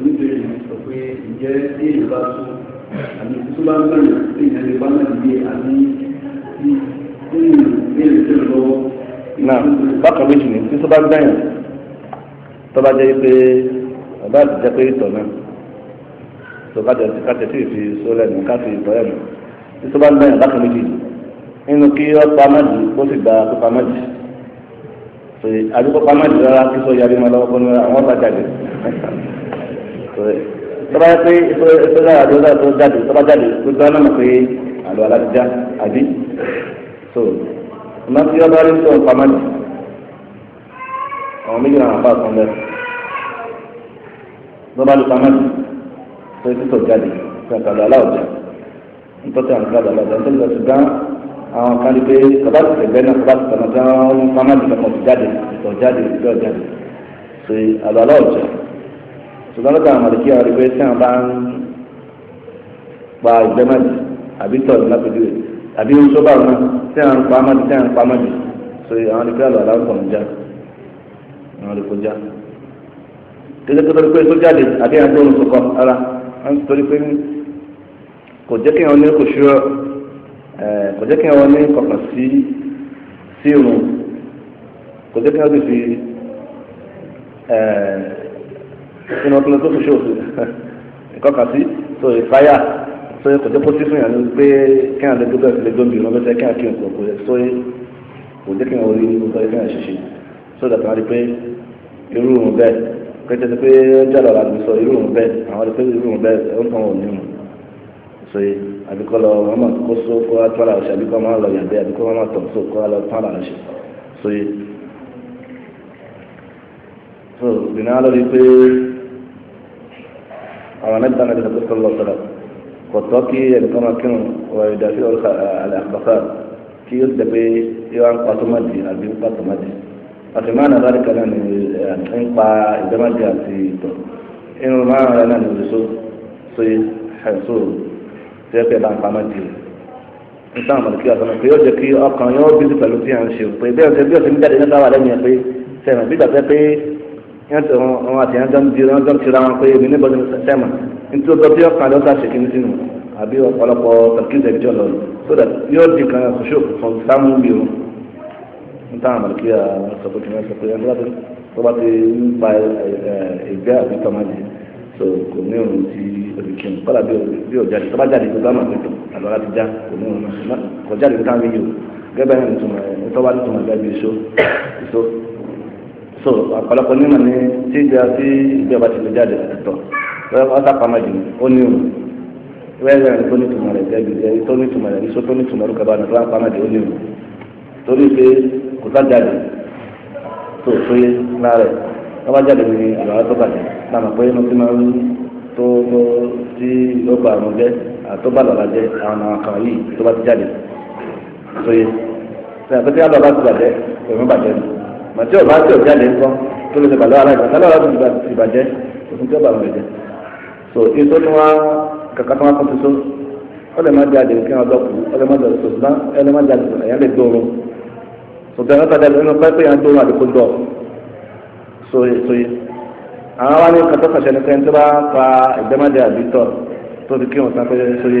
oníbèrè yìí sọ pé ǹjẹ́ tí èyí bá tó àbí tó bá gbẹ̀yìn tí èyí lè bá náà yé àbí tí èyí lè tẹ̀ lọ́wọ́. náà bákan méjì ni tí tó bá gbẹ̀yìn tó bá jẹ́ pé ọba àti jẹ́ pé ìtọ̀ náà tó ká tẹ̀sí ká tẹ̀sí ìfi sólẹ̀ nù ká fi ìtọ̀ ẹ̀ nù tí tó bá gbẹ̀yìn bákan méjì nínú kí ọ pa májì kó sì gba pípa májì àdúgbò pa májì rárá kí sọ yarí ma lọ́wọ́ kó àwọn ọba jáde tọ́ba yẹ pé ìtọ́jà àdúrà tó jáde tọ́ba jáde tó dáná mọ̀ pé àlọ́ alájà àbí so ọmọ tí ọba rí sọ pamọ́ jù àwọn méjì náà bá sọ lẹ́sìn tọ́ba ló pamọ́ jù tó ti sọ jáde fún àkàlà aláwọ̀jà nítorí àwọn àkàlà aláwọ̀jà nítorí àwọn ṣùgbọ́n àwọn kan rí pé tọ́ba ti tẹ̀gbẹ́ náà tọ́ba ti tẹ̀nà tí wọ́n pamọ́ jù lọ́mọ jáde ìtọ̀ jáde ìtọ̀ jáde so àlọ́ aláwọ̀jà ṣùgbọ́n lọ́dọ̀ àwọn mọ̀lẹ́kí àwọn ìgbé tí wọ́n bá ń pa ìgbẹ́mọ̀dì àbí tọ̀lù lápẹ́jú rẹ̀ àbí oṣù bá wọn tí wọ́n ń pa mọ́dì tí wọ́n ń pa mọ́dì so àwọn ìgbé àlọ́ aláwọ̀ já àwọn ìgbó já. kéde tó torí pé tó jáde àbí àwọn tó ń sọkọ ara wọ́n torí pé kò jẹ́ kí wọ́n ní kò ṣúrọ̀ kò jẹ́ kí wọ́n ní kọ̀kan sí sí òun kò jẹ́ kí wọ́n ti fi nínú ọkùnrin tó fi ṣòfò nǹkan kan sí so ìfáyà so kò jẹ́ kó sí fún yàrá pé kí àlẹ́ gbogbo ẹ̀sìn lè gbóǹbì ìran lọ́sẹ̀ kí àkí nǹkan kò yẹ so kò jẹ́ kí wọ́n rí nínú ọkọ̀ ìfẹ́ àṣìṣe so dàtà wọn rí pé irú òun bẹ́ẹ̀ kẹ́tẹ́ ti pé jàdọ̀ làbí sọ irú òun bẹ́ẹ̀ àwọn rí pé irú òun bẹ́ẹ̀ ó ń tàn wọ̀ nínú so àbíkọ́ lọ wọn máa kó so kó wá tó ara ọ̀ṣẹ́ àbíkọ́ máa lọ yàgbẹ́ àbíkọ́ máa tọ̀ so kó wá lọ tó ara ọ̀ṣẹ́ so so bìnrin á lọ rí pé àwọn anábìtá náà tẹ̀lé pẹ̀lú ọ̀sọ̀rọ̀ kò tọ́ kí ẹnìkan máa kírun wà ìdá sí ọ̀rọ̀ àlàkọ́sà kí ó dẹ̀ pé yóò wá ń pa tòmátì àbí ń pa tòmátì àti máa nàbàrí kan náà ní eh, ń pa ìdámàdì àti ìtọ̀ inú máa rẹ̀ náà ní òṣìṣó sóyè ẹ̀sọ́ tẹ́ pẹ́ bá ń pa mọ́tì nígbà wọn kí ọ̀sán pé yóò jẹ́ kí ọkàn yóò bí pẹ̀lú bí à yẹn tó wọn àti yẹn dán bí wọn dán tira wọn pé èmi ní bọ́dún sẹ́mà nítorí ọgbọ́n tí ọkàn lọ́ta ṣe kìíní sínú àbí ọ̀pọ̀lọpọ̀ tàkìtì ẹ̀jọ́ lọ so that yóò di kan ṣoṣo fún sáàmù bí o n tàn àmàlùkí àwọn sọ̀kòtì wọn sọ pé ẹni bá ti tó bá ti ń pa ìgbẹ́ àbí tọ́mọ́jì so kò ní òun ti òkè mu kọ́lá bí ò jáde tó bá jáde gbogbo àmọ̀ pẹ̀tọ̀ àlọ́ láti já kò ní òun kọjá lè tán mi yìí o gẹ́gẹ́ bẹ́ẹ̀ ni tó bá ní tó máa so ọ̀pọ̀lọpọ̀ nímọ̀ ní tí ìjọba tí ìjọba ti lè jáde tọ̀ ọ̀sà pamọ́ jù ó ní òun wẹ́ẹ̀rẹ́ ẹni tó ní tùmọ̀ rẹ̀ jẹ́bi ẹni tó ní tùmọ̀ rẹ̀ níṣó tó ní tùmọ̀ rẹ̀ kaba ní ọ̀sà pamọ́ jù ó ní òun torí pé kò sá jáde tó sóyé lára ẹ̀ ọba jáde ní àlọ́lá tó bàjẹ́ náà mọ̀ pé inú tí máa ń tó tí ó bá àrùn jẹ́ àtọ́bà lọ́la jẹ́ àwọn àkàn yìí tó bá ti jáde sóyé sẹ́yìn àpẹtẹ́ àlọ́lá ti bàjẹ́ òun bàjẹ́ nù màtí ọba tí ọjà lè ń kọ́ tó lè ṣe bàlọ́ aláìsàn sálọ́ ọ̀rọ̀ ti bàjẹ́ òfin tí ó bàbà so ètò tí wọ́n kàkà tí wọ́n kọ́ tuntun ọlẹ́ má jáde kí wọ́n dọ́kù ọlẹ́ má jáde sọ̀tún ọlẹ́ má jáde ẹ̀yà lè so sọ̀tún ẹ̀yà tàdé ẹnu pẹ́pẹ́ yẹn dóorun àdìpọ̀ dọ̀ sóye sóye àwọn wa ní kàtó kàṣẹ ní kẹ́ńtì bá fa ìgbẹ́mọ̀dé àbítọ̀ tó fi kí wọn sá pé sóye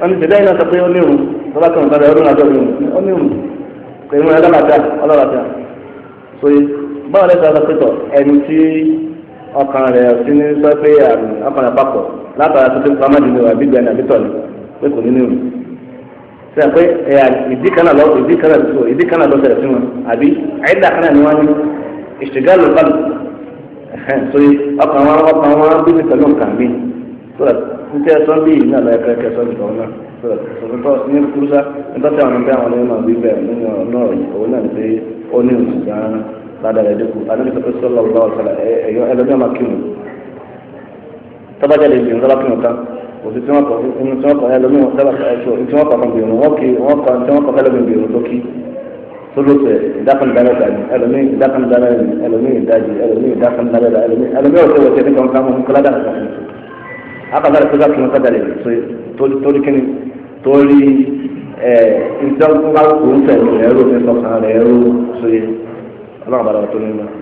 wọn ní tẹ̀lé iná sọ pé ó nírun tó bá kàn bàbá ọdún àjọ mi ó nírun kò ní múra lọ́làdà ọlọ́làdà so báwo lè sọ pé tọ ẹni tí ọkàn rẹ̀ sí ní sọ pé àrùn ọkàn rẹ̀ papọ̀ látara tó ti pa má dìbò àbí gbẹ̀yìn àbí tọ̀lẹ̀ pé kò ní nírun sọ pé ìdí kan náà lọ ìdí kan náà lọ ìdí kan náà lọ sẹ̀rẹ̀ sí wọn àbí àyídà kan náà ni wọ́n ní ìṣègàlù níta ẹ̀sọ́ bí yìí náà lọ́yẹ̀ká kẹsọ́ ìtọ́ náà sọ̀tọ̀ ní kúrúsá níta tí àwọn ọmọ bí àwọn ọmọ bí bẹ́ẹ̀ nínú náà òun náà ní pé ó ní ìlú gan ládàá ẹ̀dẹ́kù adébísọ̀tọ̀ sọ̀lọ̀ ọ̀gá ọ̀sẹ̀lẹ̀ ẹ̀yọ ẹlẹ́bí ọmọ kírun tọ́bajàde ìgbìmọ̀ tọ́ba kírun tán òsì tí wọ́n kọ inú tí wọ́n kọ ẹlẹ́bí wọn tọ́ba ẹ̀ṣọ́ tí wọ́n kọ kan bìrù wọ́n kì wọ́n kọ tí wọ́n kọ ẹlẹ́bí bìrù tó kí tolóso ìdákan dára dání ẹlòmíì ìdákan dára ẹlòmíì ìdájì ẹlòmíì ìdákan dára ẹlòmíì ẹlòmíì ọ̀sẹ̀ wọ̀sẹ̀ nípa nǹkan mọ̀ nǹkan ládàá kan fún un akọ̀dá rẹ̀ tó dákì wọn kọ́dà rẹ̀ torí kíni torí ìdánwò tó ń fẹ̀ ẹ̀rọ ní sọ̀kan rẹ̀ ẹ̀rọ sóye ọlọ́run bá dàgbà tó ní ma.